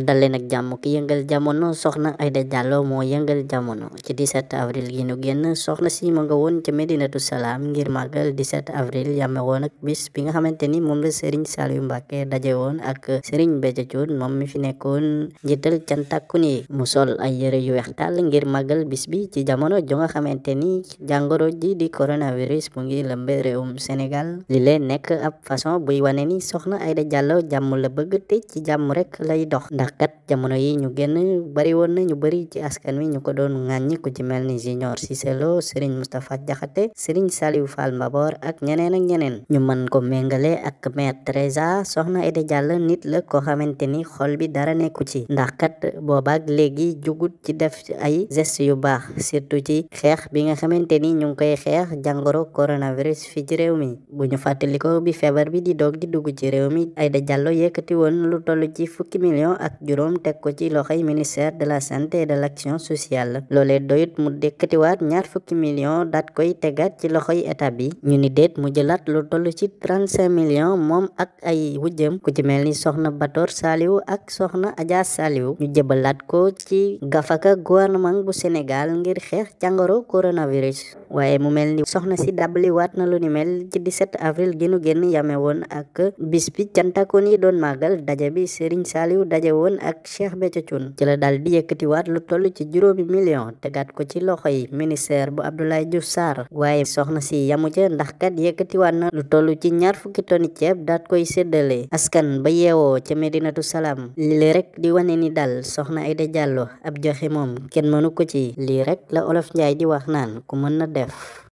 dalleen ak jàmm ki yëngal jamono soxna Aida Diallo moo yëngal jamono ci 17 avril gi nu génn soxna si ma nga woon ca Medinatu Salaam ngir màggal 17 avril yàmme woon ak bis bi nga xamante ni moom la sal Saliou mbake daje woon ak Serigne Béthio Thioune moom mi fi nekkoon njiital cantakun yi mu sol ay yëre yu weex tàll ngir màggal bis bi ci jamono jo nga xamante ni jàngoro ji di coronavirus mu ngi lëmbe réewum Sénégal li leen nekk ab façon buy wane ni soxna Aida Diallo jàmm la bëgg ci jàmm lay dox ndax kat jamono yi ñu génn bari woon na ñu bari ci askan wi ñu ko doon ŋàññi ku ci mel ni Junior Cissé Lo Serigne Moustapha Diakhaté Serigne Saliou Fall Mbabor ak ñeneen ak ñeneen ñu mën ko méngale ak Mère Teresa Soxna Aïda Diallo nit la koo xamante ni xol bi dara nekku ci ndax kat boobaak léegi jugut ci def ay geste yu baax surtout ci xeex bi nga xamante ni ñu ngi koy xeex jàngoro coronavirus fi ci réew mi bu ñu fàttaliko bi feebar bi di doog di dugg ci mi Aïda Diallo yëkkati woon ak juróom teg ko ci loxoy ministère de la santé et de l'action sociale loolee doyut mu dekkatiwaat ñaar fukki million daat koy tegaat ci loxoy état bi ñu ni déet mu jëlaat lu toll ci 35 million moom ak ay wujjam ku ci mel ni soxna Bator Saliou ak soxna Adja Saliou ñu jëbalaat ko ci gafaka gouvernement bu Sénégal ngir xeex jàngoro coronavirus waaye mu mel ni soxna si dàbbaliwaat na lu ni mel ci 17 avril gi nu génn yame woon ak bis bi cantakoon woon ak Cheikh Béthio Thioune ci la dal di yëkkatiwaat lu toll ci juróomi million tegaat ko ci loxo yi ministère bu Abdoulaye Diouf Sarr waaye soxna si yamu ca ndax kat yëkkatiwaat na lu toll ci ñaar fukki toni ceeb daat koy séddale askan ba yeewoo ca Medinatu Salaam lii rek di wane ni daal soxna Aïda Diallo ab joxe moom kenn mënu ko ci lii rek la Olof Njaay di wax naan ku mën na def